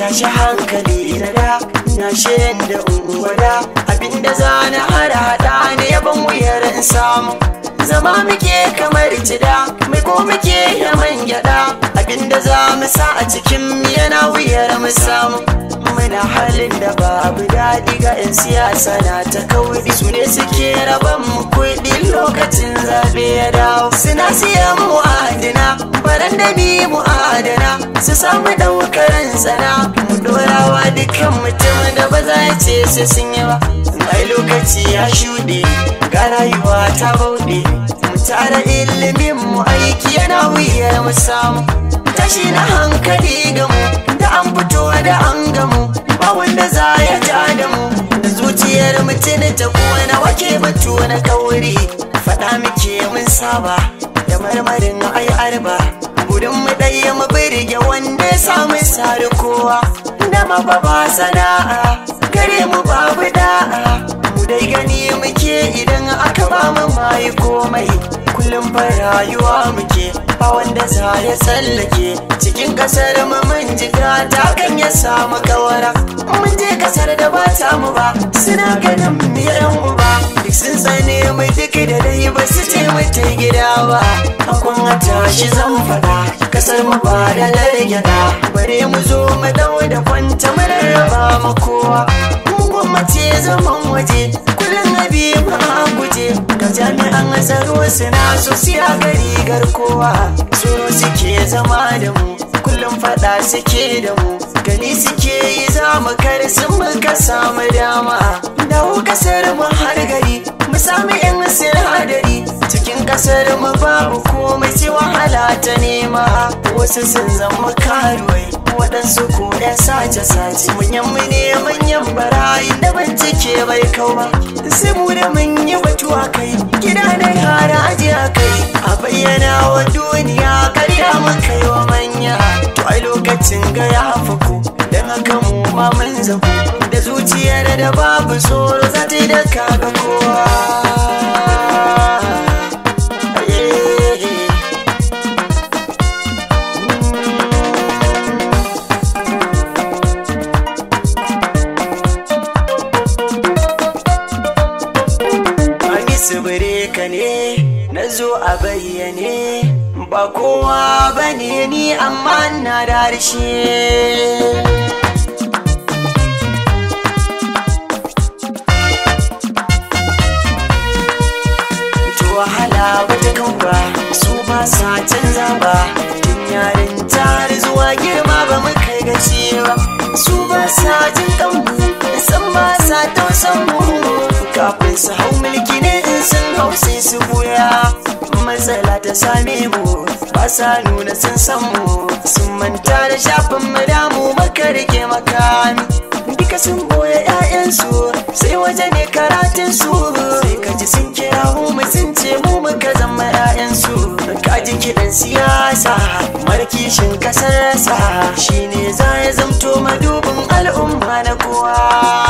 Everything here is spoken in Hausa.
tashi hankali na da na shirin da ungwada abinda zana na hada hada ne yaban wuyar in samu zama muke kamar jida mai ko muke yaman gyada abinda za mu sa a cikin yana wuyar mu samu muna halin da babu daɗi ga 'yan siyasa na ta kauri su ne suke raban mu kuɗi lokacin zaɓe ya dawo suna siyan mu adina baran da mu adana su samu ɗaukarin sana dorawa dukkan mutum da ba za ya ce sai sun yi ba mai lokaci ya shuɗe ga rayuwa ta bauɗe mu ilimin mu aiki yana wuyar mu samu tashi na hankali ga mu da an fito da an gamu ba wanda za ya ja da mu zuciyar mutum ta kuwa na wake batu na kauri faɗa muke mun saba da marmarin ai arba Wurin mu ɗaya mu birge wanda ya samu sari kowa da mababa sana'a gare mu babu da'a mu dai gani muke idan aka ba mu mai komai kullum fa rayuwa muke ba wanda za ya tsallake cikin ƙasar mu mun ji ta kan ya samu kawara mun je ƙasar da ba ta mu ba suna ganin miyar ta gida ba kun tashi zan faɗa kasar mu ba da largyada bare mu zo mu dau da kwanta mu rarraba mu kowa mugun mace zaman waje kullum abi ba guje da jami'an tsaro suna so siya gari garkowa tsoro suke zama da mu kullum faɗa suke da mu gani suke yi za mu kar sun muka samu dama dawo kasar mu har gari mu samu yan sira kasar mu babu komai sai wahala ta nema wasu sun zama karuwai waɗansu ko ɗan sace sace manyan mu ne manyan barayi da bincike bai kau ba sai mu da mun yi batu kai gida na yara aji a kai a bayyana wa duniya karya maka yi wa manya to a lokacin ga ya faku don haka mu ma mun zaku da zuciyar da babu tsoro za ta yi da kowa zo a bayyane ba kowa ba ne ni amma na da harshe wahala wata kauka su ba sa canza ba tun yarin tare zuwa girma ba mu kai gaci ba su ba sa jin kanmu san ba sa tausan mu kafin su hau mulki ne sun hau sai su buya matsala ta same mu ba sa nuna sun san mu sun manta da shafin madamu maka rike makami duka sun boye 'ya'yansu sai waje ne karatun su sai ka ji sun kira mu sun ce mu muka zama 'ya'yansu ka ji kiɗan siyasa markishin kasarsa shine za ya zamto madubin al'umma na kowa